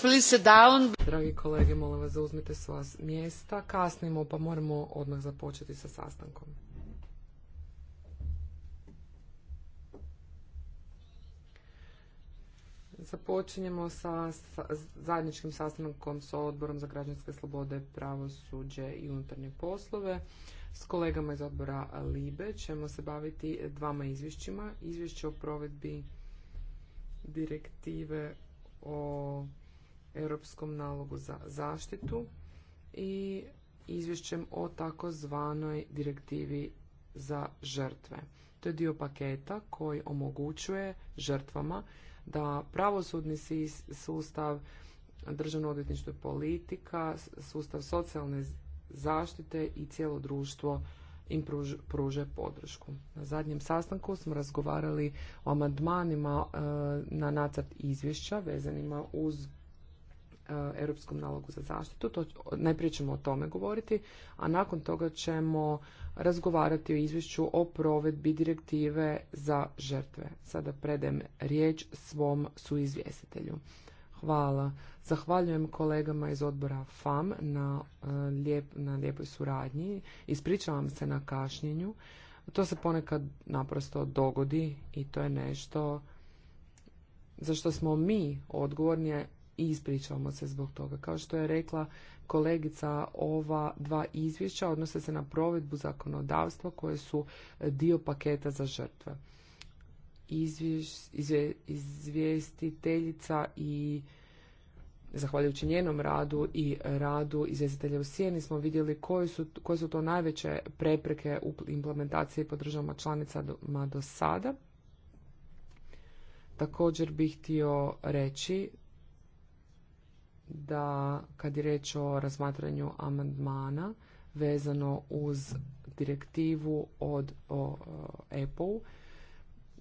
please sit Dragi kolege, molim vas zauzmite vas mjesta. Kasnimo pa moramo odmah započeti sa sastankom. Započinjemo sa zajedničkim sastankom sa odborom za građanske slobode, pravosuđe i unutarnje poslove. S kolegama iz odbora LIBE ćemo se baviti dvama izvješćima. Izvješće o provedbi direktive o Europskom nalogu za zaštitu i izvješćem o takozvanoj direktivi za žrtve. To je dio paketa koji omogućuje žrtvama da pravosudni sustav, državno odvjetništvo politika, sustav socijalne zaštite i cijelo društvo im pruž, pruže podršku. Na zadnjem sastanku smo razgovarali o amandmanima e, na nacrt izvješća vezanima uz e, Europskom nalogu za zaštitu. To, najprije ćemo o tome govoriti, a nakon toga ćemo razgovarati o izvješću o provedbi direktive za žrtve. Sada predem riječ svom suizvjestitelju. Hvala. Zahvaljujem kolegama iz odbora FAM na, e, lijep, na lijepoj suradnji. Ispričavam se na kašnjenju. To se ponekad naprosto dogodi i to je nešto za što smo mi odgovorni i ispričavamo se zbog toga. Kao što je rekla kolegica, ova dva izvješća odnose se na provedbu zakonodavstva koje su dio paketa za žrtve izvješ, izvjestiteljica i zahvaljujući njenom radu i radu izvjestitelja u Sijeni smo vidjeli koje su, koje su to najveće prepreke u implementaciji po državama članicama do sada. Također bih htio reći da kad je reč o razmatranju amandmana vezano uz direktivu od o,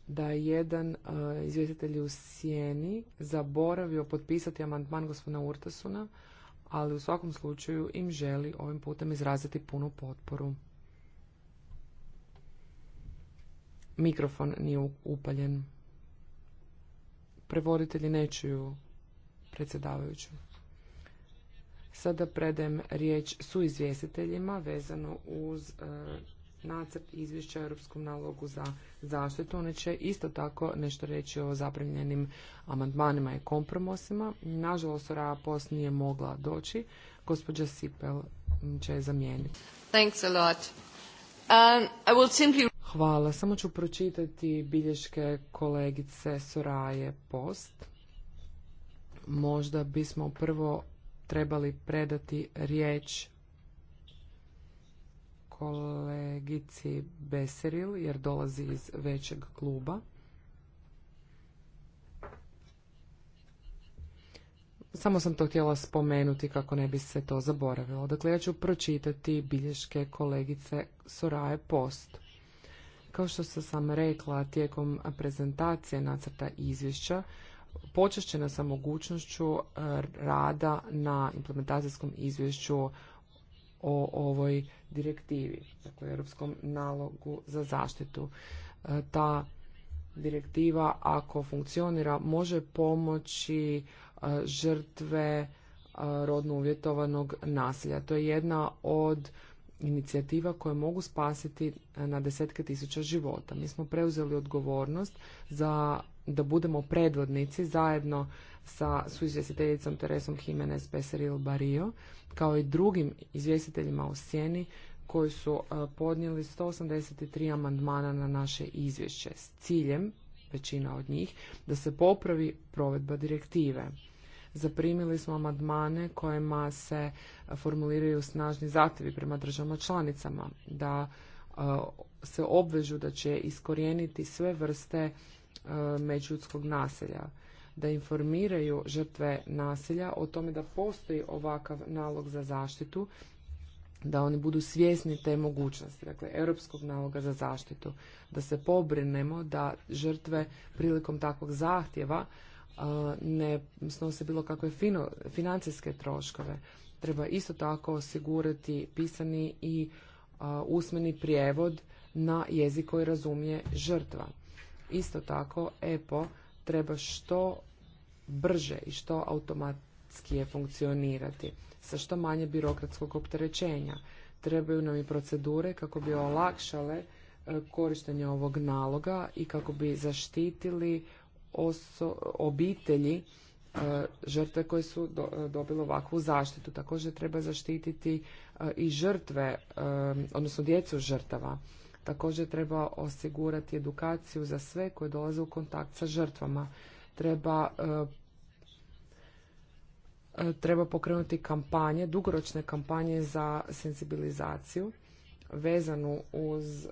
da je jedan e, izvjestitelj u sjeni zaboravio potpisati amandman gospodina Urtasuna, ali u svakom slučaju im želi ovim putem izraziti punu potporu. Mikrofon nije upaljen. Prevoditelji ne čuju predsjedavajuću. Sada predajem riječ su izvjestiteljima vezano uz e, nacrt izvješća Europskom nalogu za zaštitu. One će isto tako nešto reći o zaprimljenim amandmanima i kompromosima. Nažalost, Soraya Post nije mogla doći. Gospođa Sipel će je zamijeniti. Um, Hvala. Samo ću pročitati bilješke kolegice Soraje Post. Možda bismo prvo trebali predati riječ kolegici Beseril jer dolazi iz većeg kluba. Samo sam to htjela spomenuti kako ne bi se to zaboravilo. Dakle, ja ću pročitati bilješke kolegice Soraje Post. Kao što sam rekla tijekom prezentacije nacrta izvješća, počešćena sam mogućnošću eh, rada na implementacijskom izvješću o ovoj direktivi, dakle europskom nalogu za zaštitu. E, ta direktiva ako funkcionira može pomoći e, žrtve e, rodno uvjetovanog nasilja. To je jedna od inicijativa koje mogu spasiti na desetke tisuća života. Mi smo preuzeli odgovornost za da budemo predvodnici zajedno sa suizvjestiteljicom Teresom Jimenez Peseril Barrio, kao i drugim izvjestiteljima u sjeni koji su e, podnijeli 183 amandmana na naše izvješće s ciljem, većina od njih, da se popravi provedba direktive. Zaprimili smo amandmane kojima se formuliraju snažni zahtjevi prema državama članicama da e, se obvežu da će iskorijeniti sve vrste E, međudskog nasilja, da informiraju žrtve nasilja o tome da postoji ovakav nalog za zaštitu, da oni budu svjesni te mogućnosti, dakle, europskog naloga za zaštitu, da se pobrinemo da žrtve prilikom takvog zahtjeva e, ne snose bilo kakve financijske troškove. Treba isto tako osigurati pisani i e, usmeni prijevod na jezik koji razumije žrtva. Isto tako, EPO treba što brže i što automatskije funkcionirati, sa što manje birokratskog opterećenja. Trebaju nam i procedure kako bi olakšale e, korištenje ovog naloga i kako bi zaštitili obitelji e, žrtve koje su dobile ovakvu zaštitu. Također treba zaštititi e, i žrtve, odnosno djecu žrtava. Također treba osigurati edukaciju za sve koje dolaze u kontakt sa žrtvama. Treba e, e, treba pokrenuti kampanje, dugoročne kampanje za senzibilizaciju vezanu uz e,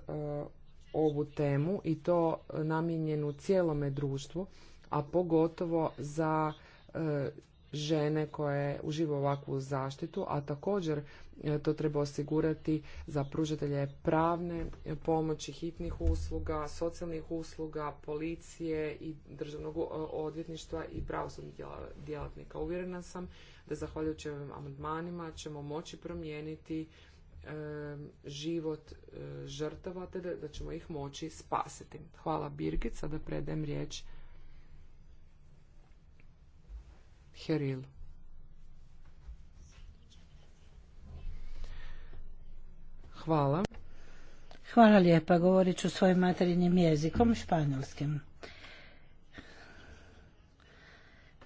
ovu temu i to namijenjenu cijelome društvu, a pogotovo za žene koje uživa ovakvu zaštitu, a također e, to treba osigurati za pružatelje pravne pomoći, hitnih usluga, socijalnih usluga, policije i državnog e, odvjetništva i pravosudnih djelatnika. Uvjerena sam da zahvaljujući ovim amandmanima ćemo moći promijeniti e, život žrtava te da, ćemo ih moći spasiti. Hvala Birgit, sada predajem riječ Heril. Hvala. Hvala lijepa, govorit ću svojim materinjim jezikom, španjolskim.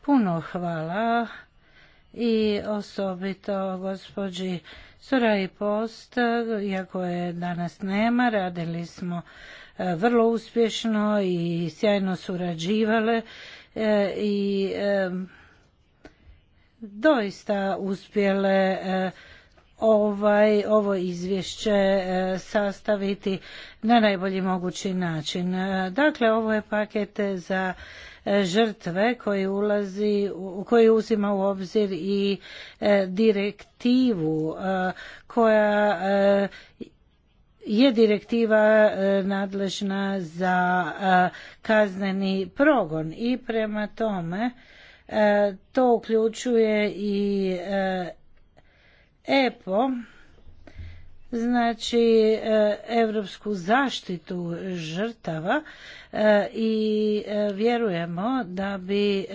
Puno hvala i osobito gospođi i Post, iako je danas nema, radili smo e, vrlo uspješno i sjajno surađivale e, i doista uspjele e, ovaj, ovo izvješće e, sastaviti na najbolji mogući način. E, dakle, ovo je paket za žrtve koji ulazi, koji uzima u obzir i direktivu koja je direktiva nadležna za kazneni progon i prema tome E, to uključuje i EPO, e znači europsku zaštitu žrtava e, i vjerujemo da bi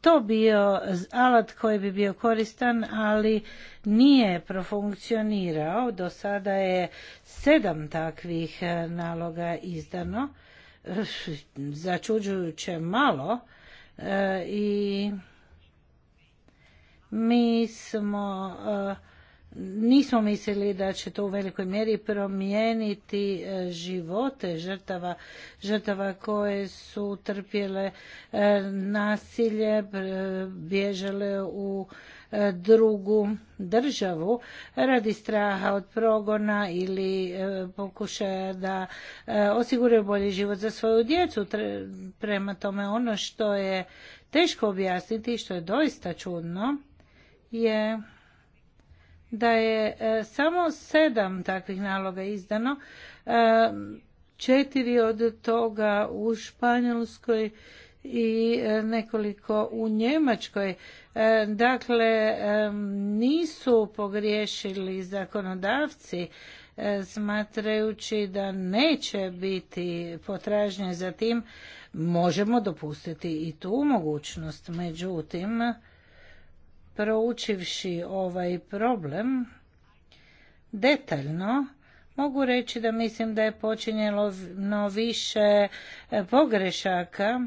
to bio alat koji bi bio koristan, ali nije profunkcionirao. Do sada je sedam takvih naloga izdano, začuđujuće malo E, i mi smo e, nismo mislili da će to u velikoj mjeri promijeniti e, živote žrtava, žrtava koje su trpjele nasilje, bježale u drugu državu radi straha od progona ili e, pokušaja da e, osiguraju bolji život za svoju djecu. Prema tome ono što je teško objasniti i što je doista čudno je da je e, samo sedam takvih naloga izdano, četiri od toga u Španjolskoj i e, nekoliko u Njemačkoj. E, dakle, e, nisu pogriješili zakonodavci smatrajući da neće biti potražnje za tim, možemo dopustiti i tu mogućnost. Međutim, proučivši ovaj problem detaljno, mogu reći da mislim da je počinjelo više pogrešaka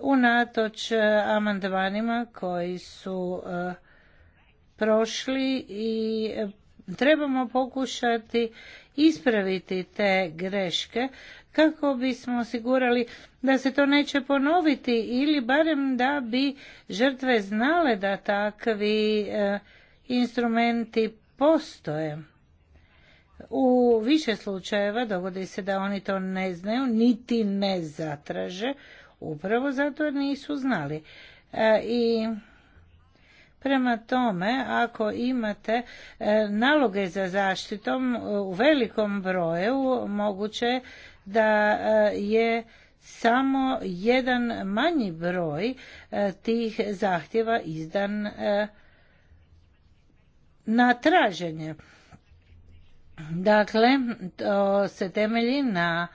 unatoč e, amandmanima koji su e, prošli i e, trebamo pokušati ispraviti te greške kako bismo osigurali da se to neće ponoviti ili barem da bi žrtve znale da takvi instrumenti postoje. U više slučajeva dogodi se da oni to ne znaju, niti ne zatraže, upravo zato jer nisu znali. E, I Prema tome, ako imate e, naloge za zaštitom e, u velikom broju, moguće da je samo jedan manji broj tih zahtjeva izdan na traženje. Dakle, to se temelji na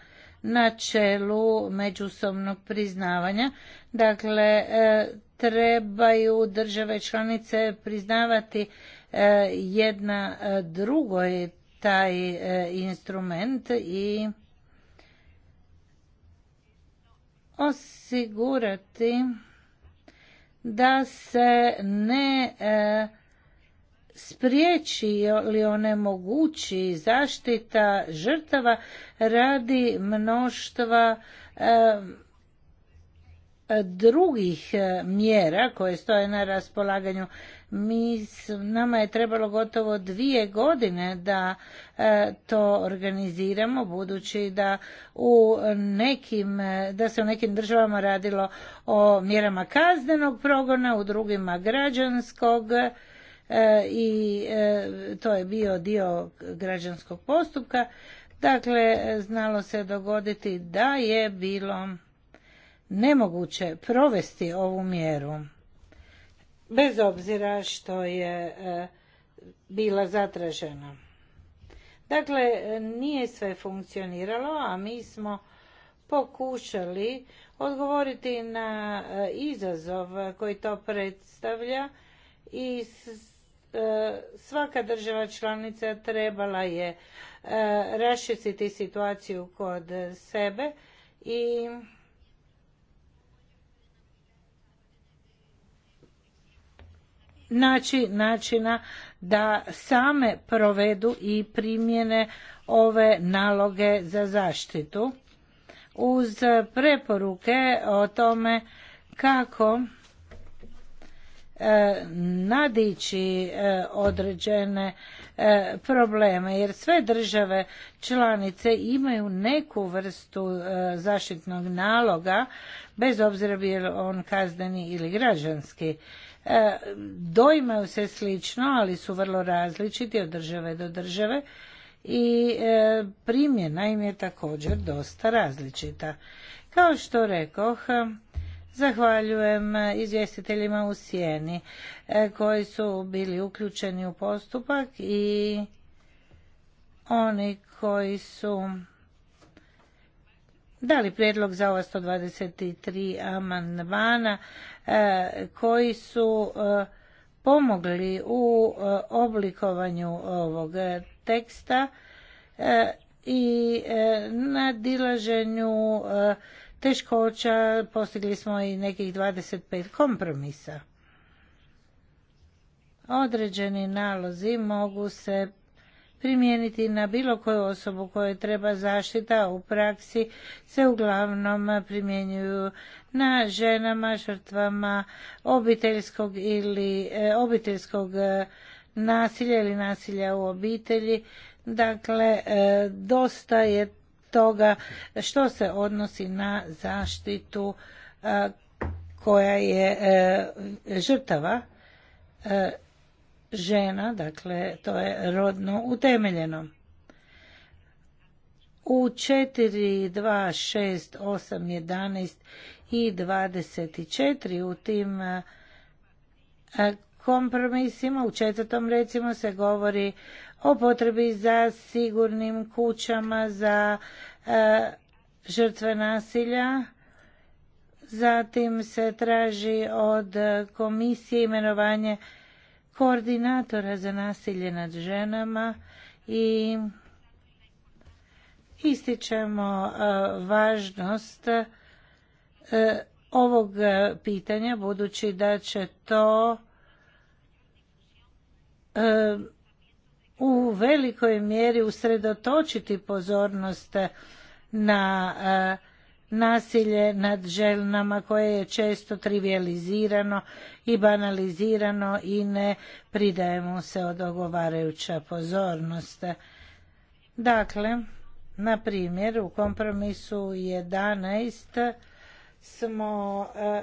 načelu međusobnog priznavanja. Dakle, e, trebaju države članice priznavati e, jedna e, drugoj taj instrument i osigurati da se ne spriječi li onemogući zaštita žrtava radi mnoštva e, drugih e, mjera koje stoje na raspolaganju. Mi, nama je trebalo gotovo dvije godine da e, to organiziramo budući da u nekim, da se u nekim državama radilo o mjerama kaznenog progona, u drugima građanskog E, i e, to je bio dio građanskog postupka. Dakle, znalo se dogoditi da je bilo nemoguće provesti ovu mjeru. Bez obzira što je e, bila zatražena. Dakle, nije sve funkcioniralo, a mi smo pokušali odgovoriti na izazov koji to predstavlja i E, svaka država članica trebala je e, raščistiti situaciju kod sebe i naći načina da same provedu i primjene ove naloge za zaštitu uz preporuke o tome kako E, nadići e, određene e, probleme jer sve države članice imaju neku vrstu zaštitnog naloga bez obzira bio on kazneni ili građanski doimaju se slično ali su vrlo različiti od države do države i primjena im je također dosta različita kao što rekoh Zahvaljujem izvjestiteljima u sjeni e, koji su bili uključeni u postupak i oni koji su dali prijedlog za ova 123 amandmana e, koji su e, pomogli u oblikovanju ovog teksta i nadilaženju teškoća, postigli smo i nekih 25 kompromisa. Određeni nalozi mogu se primijeniti na bilo koju osobu koju treba zaštita u praksi se uglavnom primjenjuju na ženama, žrtvama obiteljskog ili e, obiteljskog e, nasilja ili nasilja u obitelji. Dakle, e, dosta je toga što se odnosi na zaštitu koja je e, žrtava e, žena, dakle to je rodno utemeljeno. U 4, 2, 6, 8, 11 i 24 u tim e, kompromisima u četvrtom recimo se govori o potrebi za sigurnim kućama za e, žrtve nasilja. Zatim se traži od komisije imenovanje koordinatora za nasilje nad ženama i ističemo e, važnost e, ovog pitanja budući da će to u velikoj mjeri usredotočiti pozornost na e, nasilje nad ženama koje je često trivializirano i banalizirano i ne pridaje se se odgovarajuća pozornost. Dakle, na primjer, u kompromisu 11 smo e,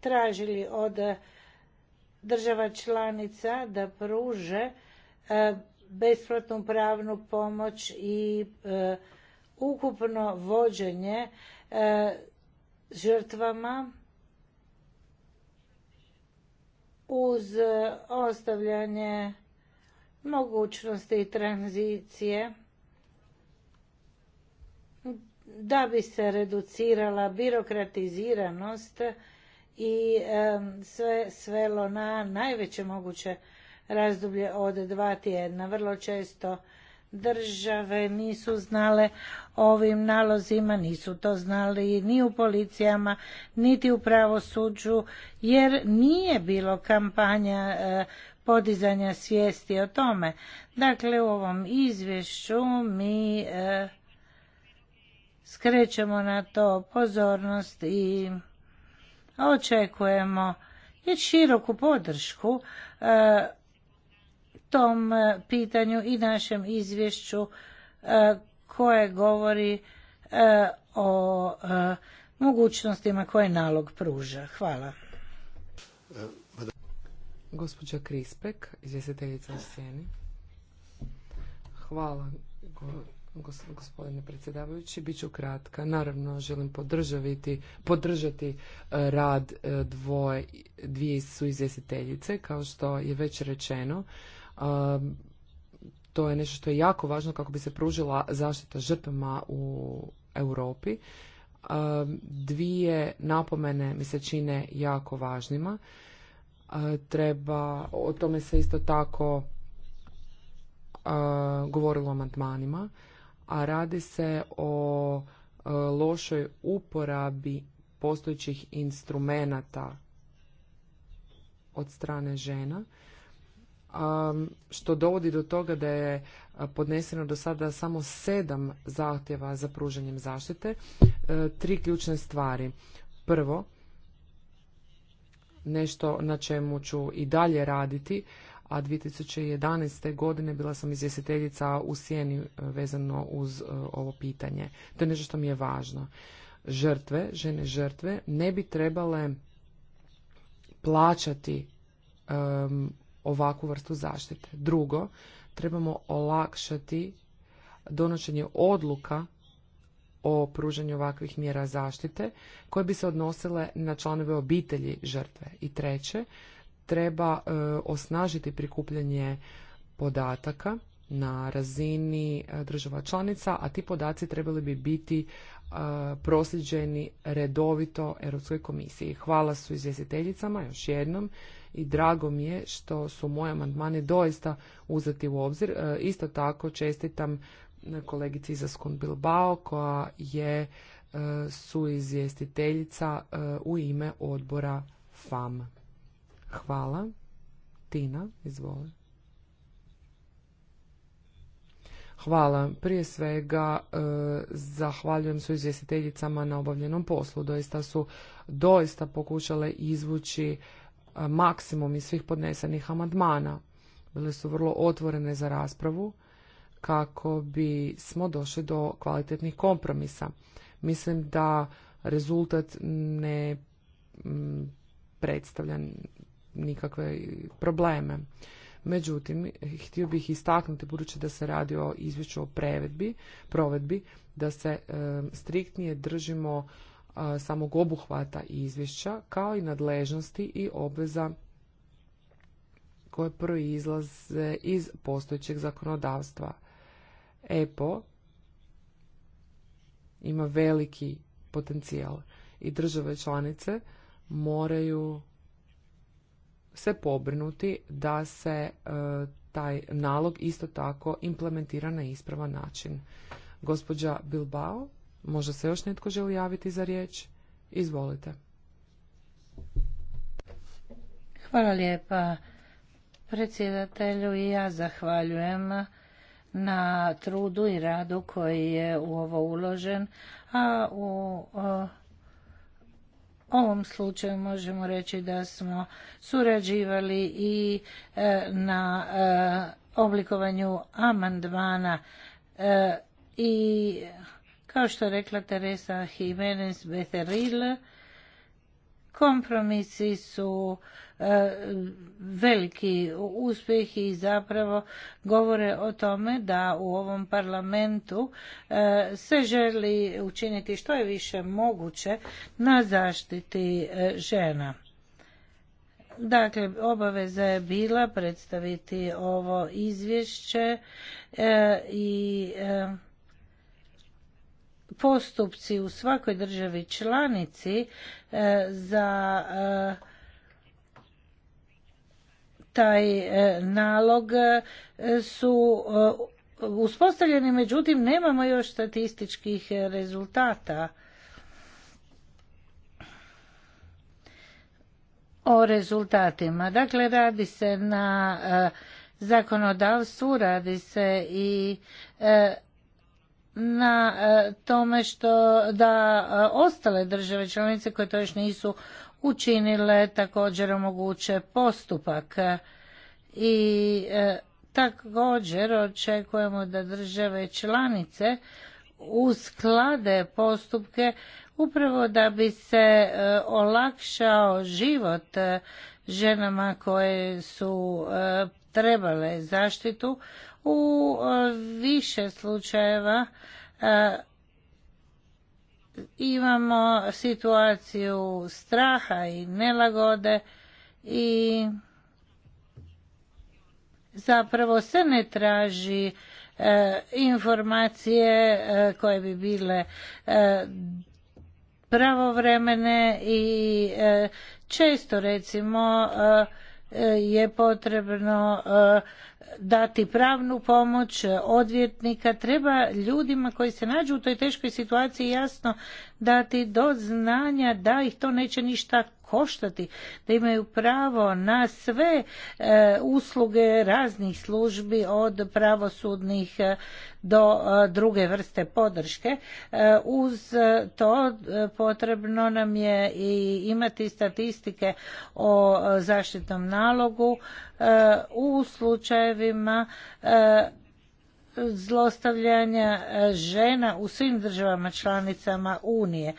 tražili od država članica da pruže E, besplatnu pravnu pomoć i e, ukupno vođenje e, žrtvama uz ostavljanje mogućnosti i tranzicije da bi se reducirala birokratiziranost i sve svelo na najveće moguće razdoblje od dva tjedna. Vrlo često države nisu znale ovim nalozima, nisu to znali ni u policijama, niti u pravosuđu, jer nije bilo kampanja e, podizanja svijesti o tome. Dakle, u ovom izvješću mi e, skrećemo na to pozornost i očekujemo i široku podršku e, tom e, pitanju i našem izvješću e, koje govori e, o mogućnostima koje nalog pruža. Hvala. Gospođa Krispek, izvjestiteljica u sjeni. Hvala, gospodine predsjedavajući. Biću kratka. Naravno, želim podržati rad dvoje, dvije su izvjestiteljice. Kao što je već rečeno, to je nešto što je jako važno kako bi se pružila zaštita žrtvama u Europi. Dvije napomene mi se čine jako važnima. Treba, o tome se isto tako govorilo o amandmanima, a radi se o lošoj uporabi postojećih instrumenata od strane žena što dovodi do toga da je podneseno do sada samo sedam zahtjeva za pružanjem zaštite, e, tri ključne stvari. Prvo, nešto na čemu ću i dalje raditi, a 2011. godine bila sam izvjestiteljica u sjeni e, vezano uz e, ovo pitanje. To je nešto što mi je važno. Žrtve, žene žrtve, ne bi trebale plaćati ovakvu vrstu zaštite. Drugo, trebamo olakšati donošenje odluka o pružanju ovakvih mjera zaštite koje bi se odnosile na članove obitelji žrtve. I treće, treba e, osnažiti prikupljanje podataka na razini e, država članica, a ti podaci trebali bi biti e, prosljeđeni redovito Europskoj komisiji. Hvala su izvjestiteljicama još jednom i drago mi je što su moje amandmane doista uzeti u obzir. E, isto tako čestitam kolegici Izaskun Bilbao koja je e, su izvjestiteljica e, u ime odbora FAM. Hvala. Tina, izvoli. Hvala. Prije svega zahvaljujem su izvjestiteljicama na obavljenom poslu. Doista su doista pokušale izvući maksimum iz svih podnesenih amandmana. Bile su vrlo otvorene za raspravu kako bi smo došli do kvalitetnih kompromisa. Mislim da rezultat ne predstavlja nikakve probleme. Međutim, htio bih istaknuti, budući da se radi o izvješću o provedbi, da se e, striktnije držimo samog obuhvata izvješća, kao i nadležnosti i obveza koje proizlaze iz postojećeg zakonodavstva. EPO ima veliki potencijal i države članice moraju se pobrinuti da se e, taj nalog isto tako implementira na ispravan način. Gospođa Bilbao Možda se još netko želi javiti za riječ? Izvolite. Hvala lijepa predsjedatelju i ja zahvaljujem na trudu i radu koji je u ovo uložen, a u ovom slučaju možemo reći da smo surađivali i e, na e, oblikovanju amandmana e, i kao što rekla Teresa Jimenez Becerril, kompromisi su e, veliki uspjeh i zapravo govore o tome da u ovom parlamentu e, se želi učiniti što je više moguće na zaštiti e, žena. Dakle, obaveza je bila predstaviti ovo izvješće i postupci u svakoj državi članici e, za e, taj e, nalog su uspostavljeni, međutim nemamo još statističkih rezultata. O rezultatima. Dakle, radi se na zakonodavstvu, radi se i na e, tome što da e, ostale države članice koje to još nisu učinile također omoguće postupak i e, također očekujemo da države članice usklade postupke upravo da bi se olakšao život ženama koje su trebale zaštitu u e, više slučajeva e, imamo situaciju straha i nelagode i zapravo se ne traži e, informacije koje bi bile pravovremene i često recimo je potrebno dati pravnu pomoć odvjetnika, treba ljudima koji se nađu u toj teškoj situaciji jasno dati do znanja da ih to neće ništa koštati, da imaju pravo na sve e, usluge raznih službi od pravosudnih e, do e, druge vrste podrške. Uz to potrebno nam je i imati statistike o zaštitnom nalogu u slučajevima zlostavljanja žena u svim državama članicama Unije.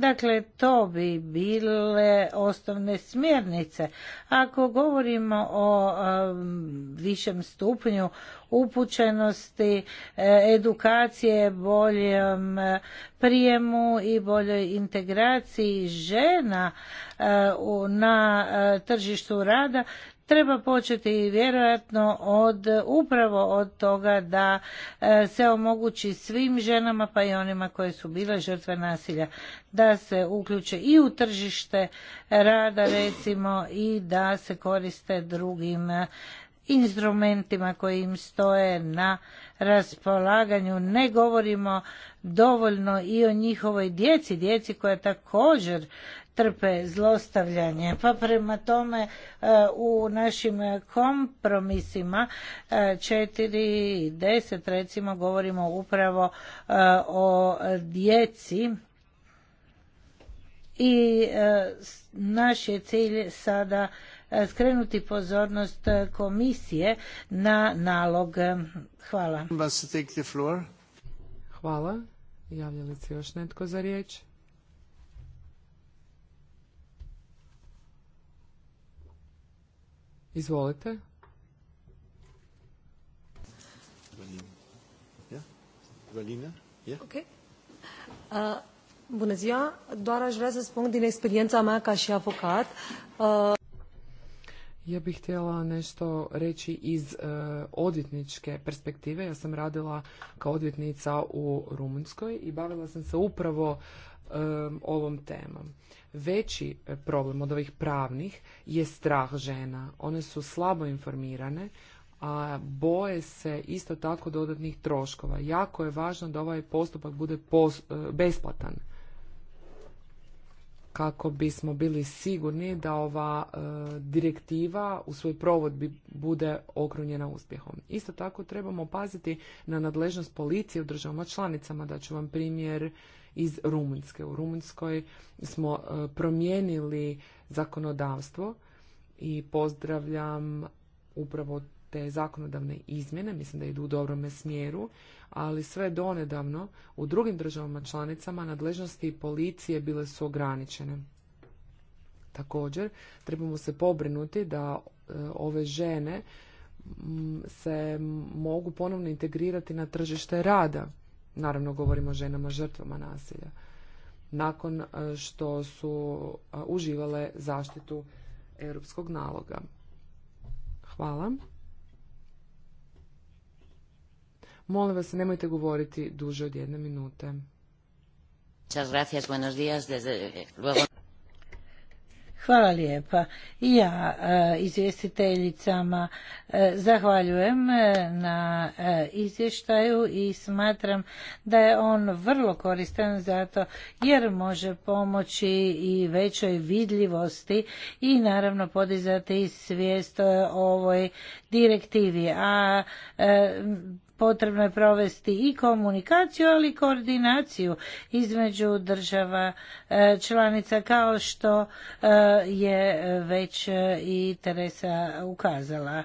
Dakle, to bi bile osnovne smjernice. Ako govorimo o um, višem stupnju upućenosti, e, edukacije, boljem e, prijemu i boljoj integraciji žena e, na tržištu rada, treba početi vjerojatno od upravo od toga da e, se omogući svim ženama pa i onima koje su bile žrtve nasilja da se uključe i u tržište rada recimo i da se koriste drugim e, instrumentima koji im stoje na raspolaganju. Ne govorimo dovoljno i o njihovoj djeci, djeci koja također trpe zlostavljanje pa prema tome e, u našim kompromisima 4 e, i 10 recimo govorimo upravo e, o djeci i naš je cilj sada skrenuti pozornost komisije na nalog. Hvala. Hvala. Javlja li se još netko za riječ? Izvolite. Uh, bună ziua, doar aș vrea să spun din experiența mea ca și avocat. Uh, ja bih htjela nešto reći iz e, odvjetničke perspektive. Ja sam radila kao odvjetnica u Rumunjskoj i bavila sam se upravo Um, ovom temom. Veći eh, problem od ovih pravnih je strah žena. One su slabo informirane, a boje se isto tako dodatnih troškova. Jako je važno da ovaj postupak bude eh, besplatan kako bismo bili sigurni da ova eh, direktiva u svoj provodbi bude okrunjena uspjehom. Isto tako trebamo paziti na nadležnost policije u državama članicama. Da ću vam primjer iz Rumunjske. U Rumunjskoj smo e, promijenili zakonodavstvo i pozdravljam upravo te zakonodavne izmjene, mislim da idu u dobrome smjeru, ali sve donedavno u drugim državama članicama nadležnosti policije bile su ograničene. Također, trebamo se pobrinuti da e, ove žene se mogu ponovno integrirati na tržište rada Naravno, govorimo o ženama žrtvama nasilja. Nakon e, što su e, uživale zaštitu europskog naloga. Hvala. Molim vas, nemojte govoriti duže od jedne minute. Muchas gracias, buenos Hvala lijepa. I ja e, izvjestiteljicama e, zahvaljujem e, na izvještaju i smatram da je on vrlo koristan zato jer može pomoći i većoj vidljivosti i naravno podizati svijest o ovoj direktivi. A potrebno je provesti i komunikaciju, ali i koordinaciju između država e, članica kao što e, je već e, i Teresa ukazala.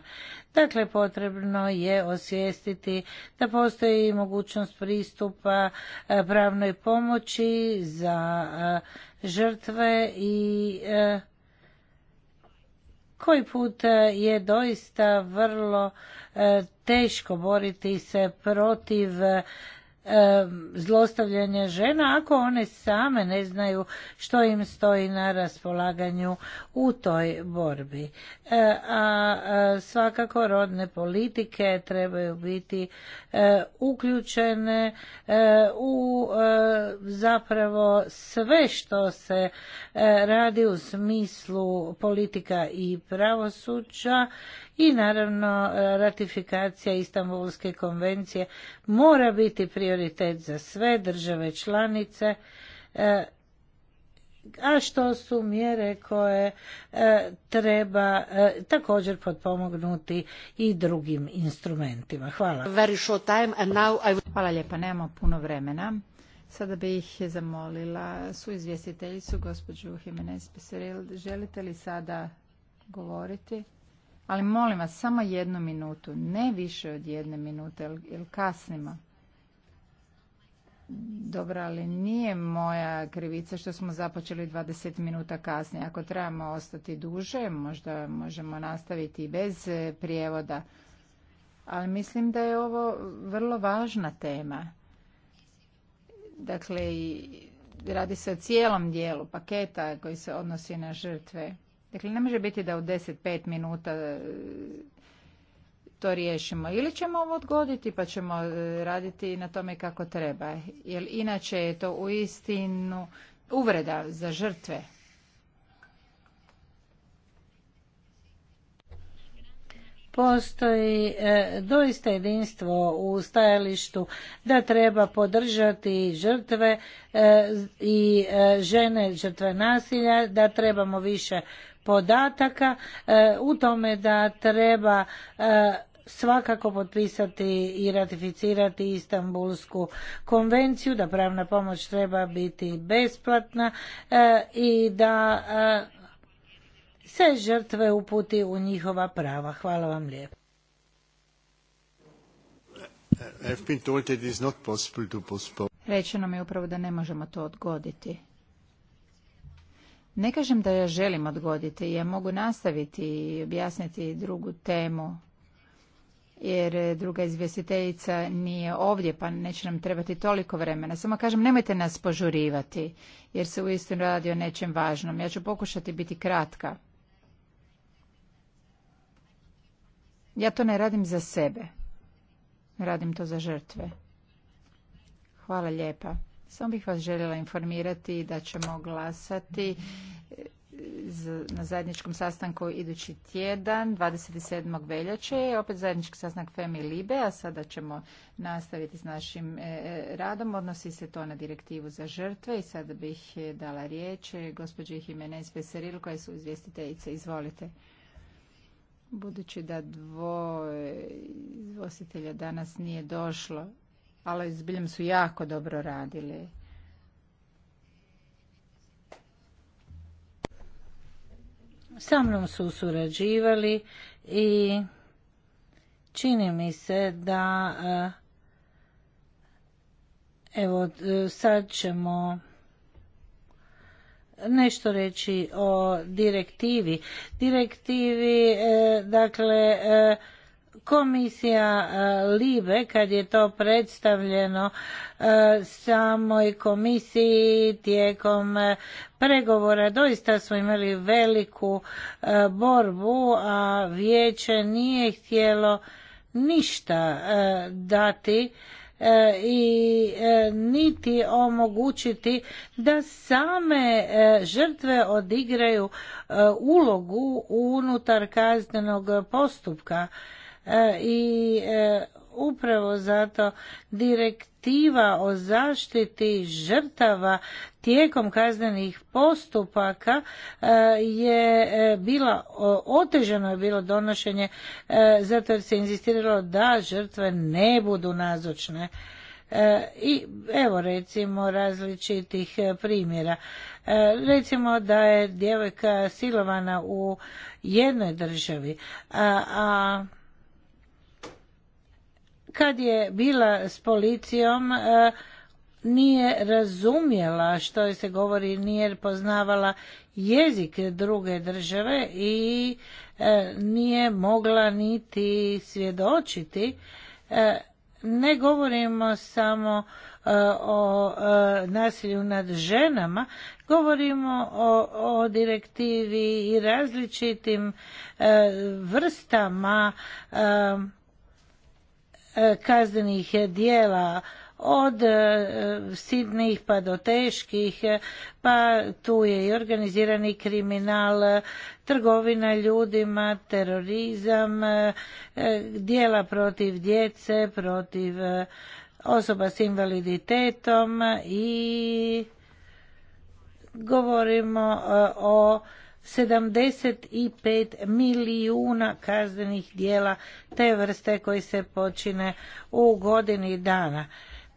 Dakle, potrebno je osvijestiti da postoji mogućnost pristupa pravnoj pomoći za žrtve i koji put e, je doista vrlo e, teško boriti se protiv Zlostavljanja žena ako one same ne znaju što im stoji na raspolaganju u toj borbi. E, a e, svakako rodne politike trebaju biti e, uključene u zapravo sve što se radi u smislu politika i pravosuđa i naravno ratifikacija Istanbulske konvencije mora biti prije prioritet za sve države članice e, a što su mjere koje e, treba e, također potpomognuti i drugim instrumentima. Hvala. Hvala lijepa, nemamo puno vremena. Sada bih zamolila su izvjestiteljicu, gospođu Jimenez Peseril, želite li sada govoriti? Ali molim vas, samo jednu minutu, ne više od jedne minute, jer kasnimo. Dobro, ali nije moja krivica što smo započeli 20 minuta kasnije. Ako trebamo ostati duže, možda možemo nastaviti i bez e, prijevoda. Ali mislim da je ovo vrlo važna tema. Dakle, radi se o cijelom dijelu paketa koji se odnosi na žrtve. Dakle, ne može biti da u 10-5 minuta to riješimo ili ćemo ovo odgoditi pa ćemo e, raditi na tome kako treba jer inače je to uistinu uvreda za žrtve postoji e, doista jedinstvo u stajalištu da treba podržati žrtve e, i žene žrtve nasilja da trebamo više podataka u tome da treba svakako potpisati i ratificirati Istanbulsku konvenciju, da pravna pomoć treba biti besplatna e, i da e, se žrtve uputi u njihova prava. Hvala vam lijepo. Rečeno mi je upravo da ne možemo to odgoditi. Ne kažem da ja želim odgoditi, ja mogu nastaviti i objasniti drugu temu jer e, druga izvjestiteljica nije ovdje pa neće nam trebati toliko vremena. Samo kažem nemojte nas požurivati jer se uistinu radi o nečem važnom. Ja ću pokušati biti kratka. Ja to ne radim za sebe. Radim to za žrtve. Hvala lijepa. Samo bih vas željela informirati da ćemo glasati na zajedničkom sastanku idući tjedan 27. veljače opet zajednički sastanak FEM LIBE a sada ćemo nastaviti s našim e, e, radom odnosi se to na direktivu za žrtve i sada bih e, dala riječ gospođi Jimenez Peseril, koja su izvjestiteljice izvolite budući da dvoje izvjestitelja danas nije došlo ali zbiljem su jako dobro radili sa mnom su surađivali i čini mi se da eh, evo eh, sad ćemo nešto reći o direktivi. Direktivi eh, dakle komisija e, Libe kad je to predstavljeno e, samoj komisiji tijekom e, pregovora doista smo imali veliku borbu a vijeće nije htjelo ništa dati i niti omogućiti da same žrtve odigraju ulogu unutar kaznenog postupka E, i e, upravo zato direktiva o zaštiti žrtava tijekom kaznenih postupaka e, je bila otežano je bilo donošenje zato jer se inzistiralo da žrtve ne budu nazočne i evo recimo različitih primjera. Recimo da je djevojka silovana u jednoj državi, a kad je bila s policijom e, nije razumjela što je se govori, nije poznavala jezik druge države i e, nije mogla niti svjedočiti. E, ne govorimo samo o nasilju nad ženama, govorimo o, o direktivi i različitim vrstama E, kaznenih dijela od e, sidnih pa do teških, e, pa tu je i organizirani kriminal, trgovina ljudima, terorizam, dijela protiv djece, protiv osoba s invaliditetom i govorimo o 75 milijuna kaznenih dijela te vrste koji se počine u godini dana.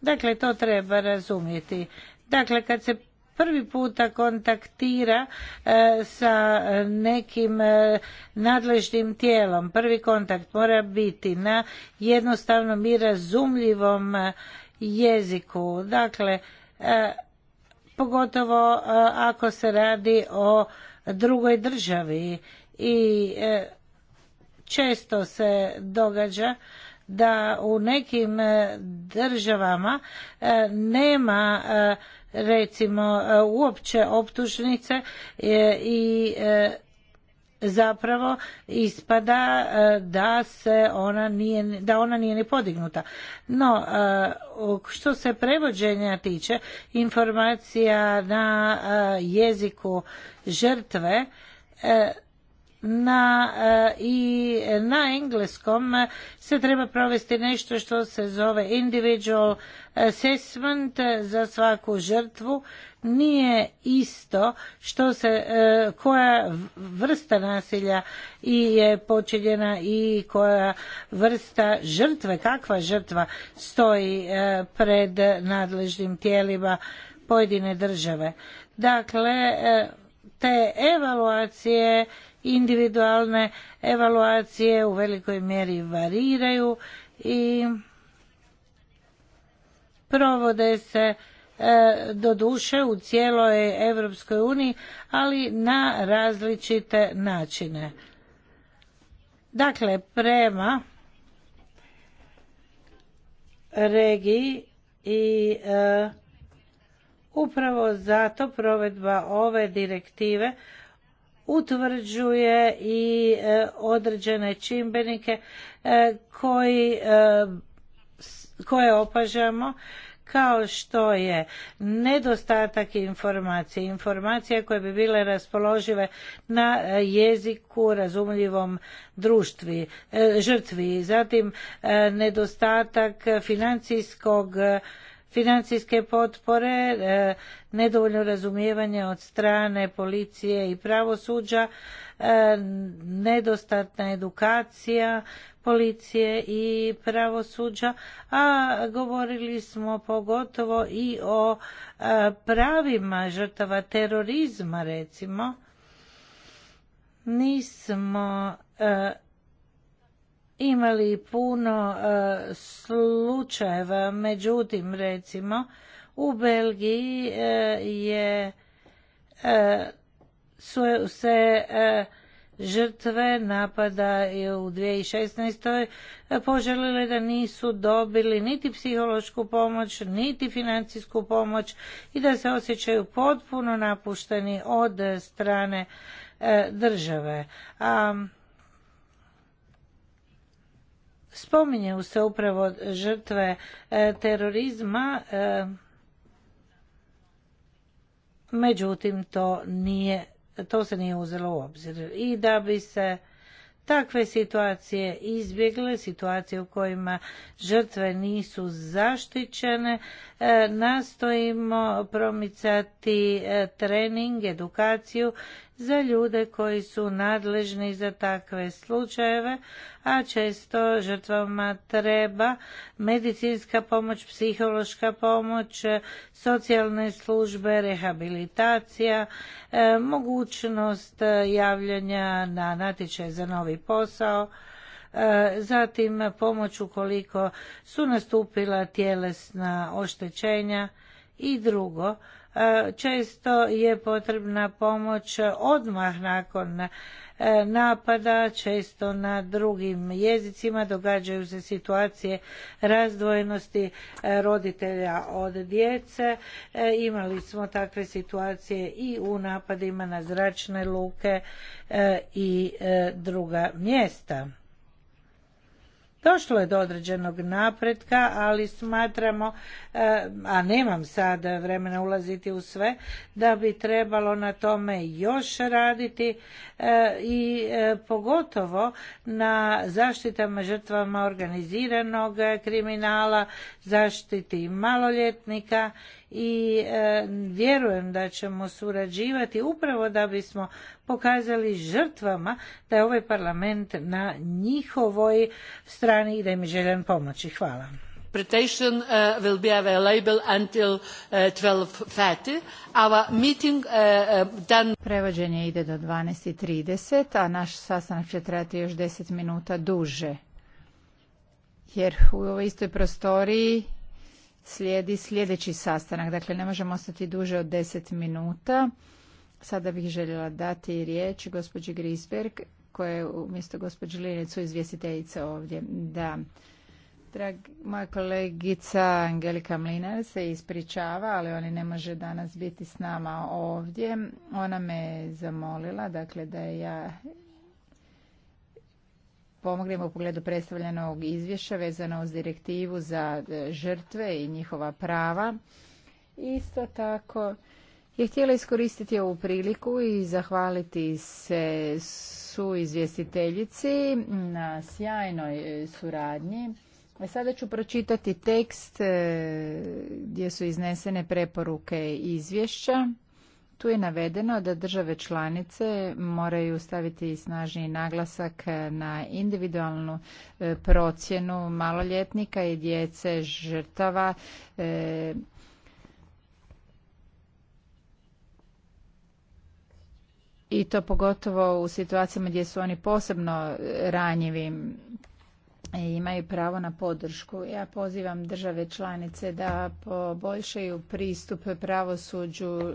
Dakle, to treba razumjeti. Dakle, kad se prvi puta kontaktira e, sa nekim e, nadležnim tijelom, prvi kontakt mora biti na jednostavnom i razumljivom e, jeziku. Dakle, pogotovo ako se radi o drugoj državi i e, često se događa da u nekim e, državama e, nema recimo uopće optužnice i zapravo ispada e, da se ona nije, da ona nije ni podignuta. No, e, što se prevođenja tiče, informacija na e, jeziku žrtve na i na engleskom se treba provesti nešto što se zove individual assessment za svaku žrtvu nije isto što se e, koja vrsta nasilja i je počinjena i koja vrsta žrtve kakva žrtva stoji e, pred nadležnim tijelima pojedine države dakle e, te evaluacije individualne evaluacije u velikoj mjeri variraju i provode se E, doduše u cijeloj Europskoj uniji, ali na različite načine. Dakle, prema regiji i e, upravo zato provedba ove direktive utvrđuje i e, određene čimbenike koji koje opažamo kao što je nedostatak informacije, informacije koje bi bile raspoložive na jeziku razumljivom društvi, e, žrtvi, zatim e, nedostatak financijskog e, financijske potpore, nedovoljno razumijevanje od strane policije i pravosuđa, nedostatna edukacija policije i pravosuđa, a govorili smo pogotovo i o e, pravima žrtava terorizma recimo. Nismo e, imali puno e, slučajeva, međutim recimo u Belgiji je su se žrtve napada u 2016. poželjile da nisu dobili niti psihološku pomoć, niti financijsku pomoć i da se osjećaju potpuno napušteni od strane e, države. A spominju se upravo žrtve e, terorizma e, međutim to nije to se nije uzelo u obzir i da bi se takve situacije izbjegle, situacije u kojima žrtve nisu zaštićene, e, nastojimo promicati e, trening, edukaciju za ljude koji su nadležni za takve slučajeve, a često žrtvama treba medicinska pomoć, psihološka pomoć, socijalne službe, rehabilitacija, e, mogućnost javljanja na natječaj za novi posao, e, zatim pomoć ukoliko su nastupila tjelesna oštećenja i drugo često je potrebna pomoć odmah nakon e, napada, često na drugim jezicima, događaju se situacije razdvojenosti e, roditelja od djece. E, imali smo takve situacije i u napadima na zračne luke i druga mjesta. Došlo je do određenog napretka, ali smatramo, e, a nemam sad vremena ulaziti u sve, da bi trebalo na tome još raditi e, i e, pogotovo na zaštitama žrtvama organiziranog kriminala, zaštiti maloljetnika i e, vjerujem da ćemo surađivati upravo da bismo pokazali žrtvama da je ovaj parlament na njihovoj strani i da im želim pomoći. Hvala. uh, will be available until 12.30. E, Our meeting Prevođenje ide do 12.30, a naš sastanak će trajati još 10 minuta duže. Jer u ovoj istoj prostoriji slijedi sljedeći sastanak. Dakle, ne možemo ostati duže od deset minuta. Sada bih željela dati riječ gospođi Grisberg, koja je umjesto gospođi Linicu izvjestiteljice ovdje. Da, Drag, moja kolegica Angelika Mlinar se ispričava, ali ona ne može danas biti s nama ovdje. Ona me zamolila, dakle, da ja pomognemo u pogledu predstavljenog izvješća vezano uz direktivu za e, žrtve i njihova prava. Isto tako je htjela iskoristiti ovu priliku i zahvaliti se su izvjestiteljici na sjajnoj e, suradnji. Sada ću pročitati tekst e, gdje su iznesene preporuke izvješća. Tu je navedeno da države članice moraju staviti snažni naglasak na individualnu e, procjenu maloljetnika i djece žrtava e, i to pogotovo u situacijama gdje su oni posebno ranjivi. E, imaju pravo na podršku. Ja pozivam države članice da poboljšaju pristup pravosuđu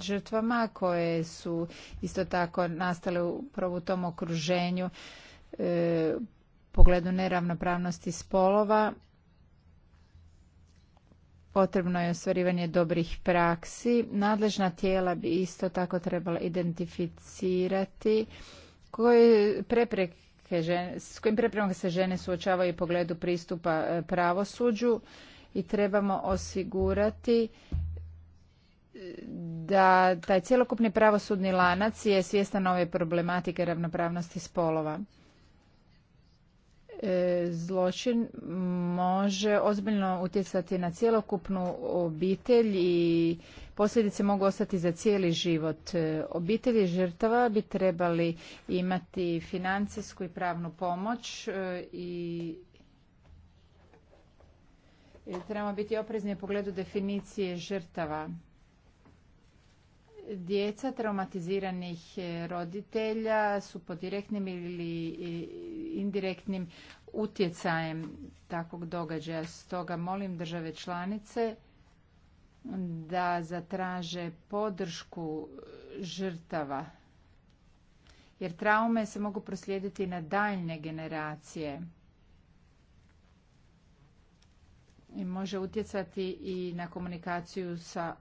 žrtvama koje su isto tako nastale upravo u tom okruženju e, pogledu neravnopravnosti spolova. Potrebno je ostvarivanje dobrih praksi. Nadležna tijela bi isto tako trebala identificirati koje prepreke s kojim prepremom se žene suočavaju u pogledu pristupa e, pravosuđu i trebamo osigurati e, da taj cjelokupni pravosudni lanac je svjestan ove problematike ravnopravnosti spolova. E, zločin može ozbiljno utjecati na cjelokupnu obitelj i posljedice mogu ostati za cijeli život. E, obitelji žrtava bi trebali imati financijsku i pravnu pomoć e, i trebamo biti oprezni u pogledu definicije žrtava. Djeca traumatiziranih e, roditelja su pod direktnim ili e, indirektnim utjecajem takvog događaja. Stoga molim države članice da zatraže podršku žrtava. Jer traume se mogu proslijediti na daljne generacije. I može utjecati i na komunikaciju sa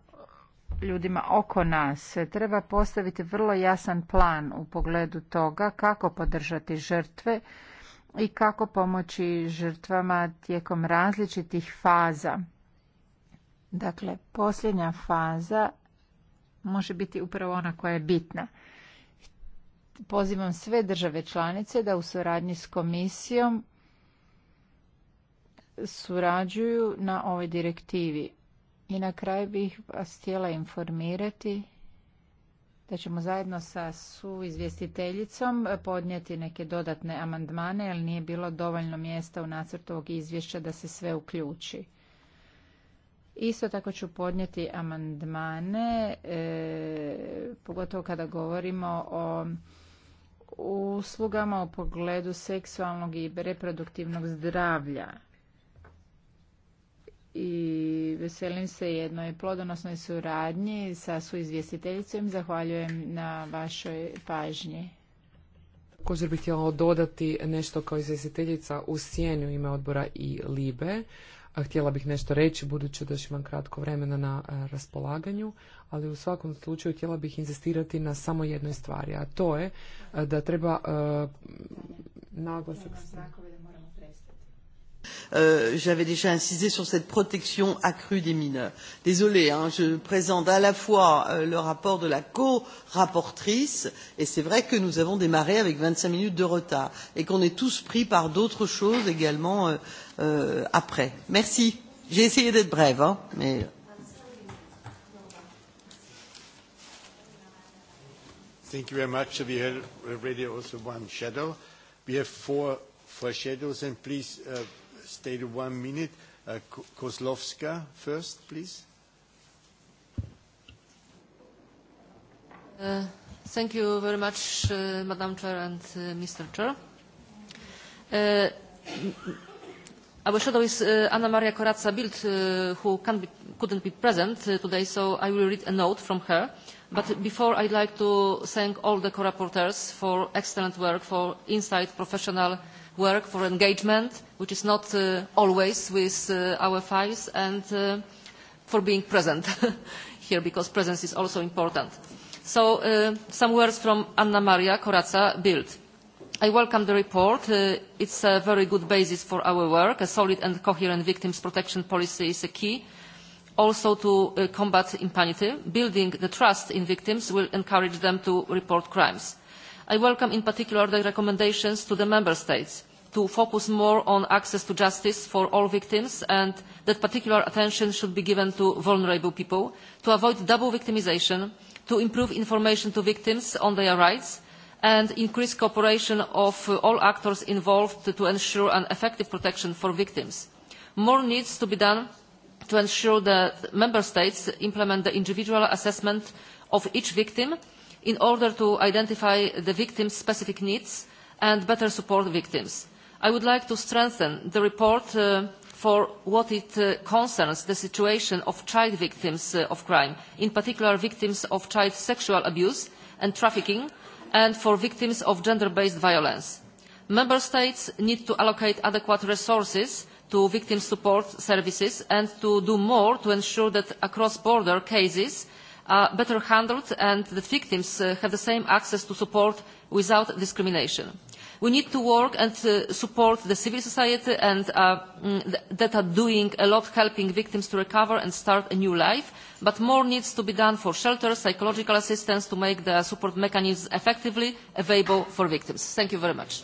ljudima oko nas. Treba postaviti vrlo jasan plan u pogledu toga kako podržati žrtve i kako pomoći žrtvama tijekom različitih faza. Dakle, posljednja faza može biti upravo ona koja je bitna. Pozivam sve države članice da u suradnji s komisijom surađuju na ovoj direktivi. I na kraju bih vas htjela informirati da ćemo zajedno sa suizvjestiteljicom podnijeti neke dodatne amandmane, jer nije bilo dovoljno mjesta u nacrtu ovog izvješća da se sve uključi. Isto tako ću podnijeti amandmane, e, pogotovo kada govorimo o uslugama u pogledu seksualnog i reproduktivnog zdravlja i veselim se jednoj plodonosnoj suradnji sa suizvjestiteljicom. Zahvaljujem na vašoj pažnji. Također bih htjela dodati nešto kao izvjestiteljica u sjenju ime odbora i Libe. Htjela bih nešto reći, budući da još imam kratko vremena na e, raspolaganju, ali u svakom slučaju htjela bih inzistirati na samo jednoj stvari, a to je e, da treba e, naglasak... Euh, j'avais déjà insisté sur cette protection accrue des mineurs. Désolée, hein, je présente à la fois euh, le rapport de la co-rapportrice, et c'est vrai que nous avons démarré avec 25 minutes de retard, et qu'on est tous pris par d'autres choses également euh, après. Merci. J'ai essayé d'être brève, hein, mais... Thank you very much. have also one shadow. We have four, and please uh, stay to one minute. Uh, Kozlovska first, please. Uh, thank you very much, uh, Madam Chair and uh, Mr. Chair. Our shadow is Anna Maria corazza uh, who can be couldn't be present uh, today, so I will read a note from her. But before, I'd like to thank all the co-rapporteurs for excellent work, for insight, professional work, for engagement, which is not uh, always with uh, our files, and for being present here, because presence is also important. So, some words from Anna Maria Corazza Bild. I welcome the report. It's a very good basis for our work. A solid and coherent victims' protection policy is a key also to uh, combat impunity. Building the trust in victims will encourage them to report crimes. I welcome in particular the recommendations to the Member States to focus more on access to justice for all victims and that particular attention should be given to vulnerable people, to avoid double victimisation, to improve information to victims on their rights and increase cooperation of uh, all actors involved to ensure an effective protection for victims. More needs to be done to ensure that member states implement the individual assessment of each victim in order to identify the victim's specific needs and better support victims. I would like to strengthen the report uh, for what it uh, concerns the situation of child victims uh, of crime, in particular victims of child sexual abuse and trafficking, and for victims of gender-based violence. Member States need to allocate adequate resources to victim support services and to do more to ensure that across-border cases are uh, better handled and that victims uh, have the same access to support without discrimination. We need to work and uh, support the civil society and mm, that are doing a lot helping victims to recover and start a new life, but more needs to be done for shelter, psychological assistance to make the support mechanisms effectively available for victims. Thank you very much.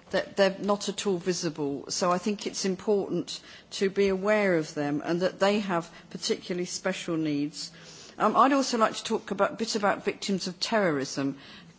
that they're not at all visible. So I think it's important to be aware of them and that they have particularly special needs. I um, I'd also like to talk a bit about victims of terrorism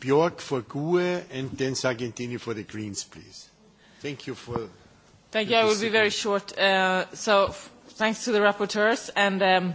Bjork for GUE and then Sargentini for the Greens, please. Thank you for... Thank you. I will be very short. Uh, so thanks to the rapporteurs and um,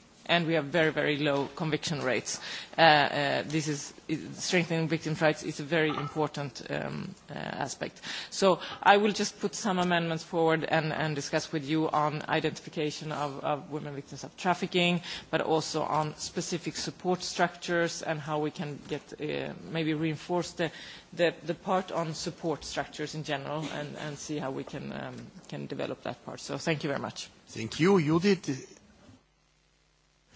and we have very, very low conviction rates. Uh, uh, this is strengthening victims' rights is a very important um, uh, aspect. So I will just put some amendments forward and, discuss with you on identification of, women victims of trafficking, but also on specific support structures and how we can get maybe reinforce the, part on support structures in general and, and see how we can, um, can develop that part. So thank you very much. Thank you, Judith.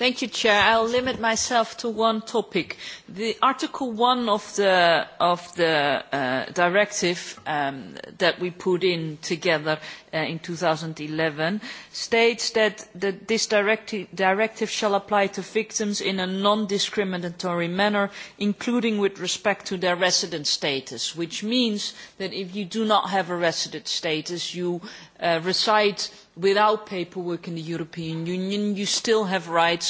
Thank you, Chair. I'll limit myself to one topic. The Article 1 of the, of the uh, directive um, that we put in together uh, in 2011 states that, this directive shall apply to victims in a non-discriminatory manner, including with respect to their resident status, which means that if you do not have a resident status, you uh, reside without paperwork in the European Union, you still have rights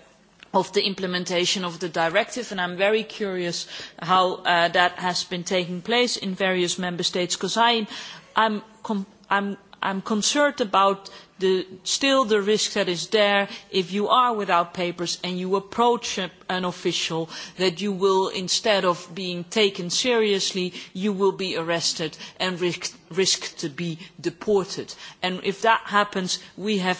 of the implementation of the directive and i am very curious how uh, that has been taking place in various member states because i am I'm, I'm concerned about the, still the risk that is there if you are without papers and you approach an official that you will instead of being taken seriously you will be arrested and risk, risk to be deported and if that happens we have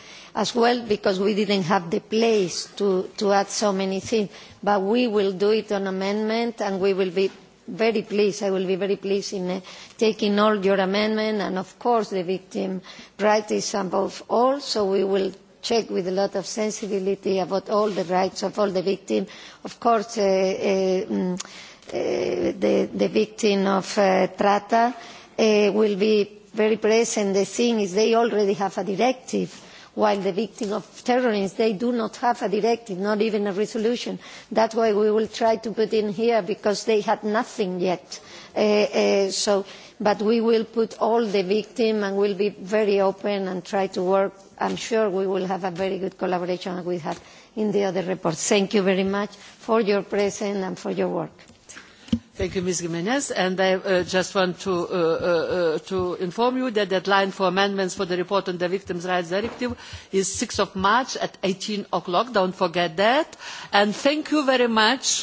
as well because we did not have the place to, to add so many things. But we will do it on amendment and we will be very pleased, I will be very pleased in uh, taking all your amendments and of course the victim rights is above all, so we will check with a lot of sensibility about all the rights of all the victims. Of course, uh, uh, mm, the, the victim of Trata will be very present. The thing is they already have a directive while the victims of terrorism they do not have a directive not even a resolution. that is why we will try to put in here because they had nothing yet. Uh, uh, but we will put all the victims and we will be very open and try to work. i am sure we will have a very good collaboration as we have in the other reports. thank you very much for your presence and for your work. Thank you, Ms. Jimenez. And I uh, just want uh, uh, to, inform you that the deadline for amendments for the report on the Victims' Rights Directive is 6th of March at 18 o'clock. Don't forget that. And thank you very much,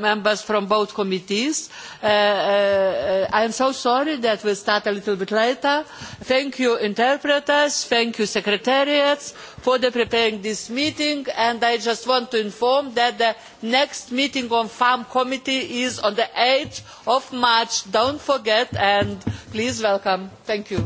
members from both committees. I am so sorry that we start a little bit later. Thank you, interpreters. Thank you, secretariats for preparing this meeting and i just want to inform that the next meeting on farm committee is on the 8 of march don't forget and please welcome thank you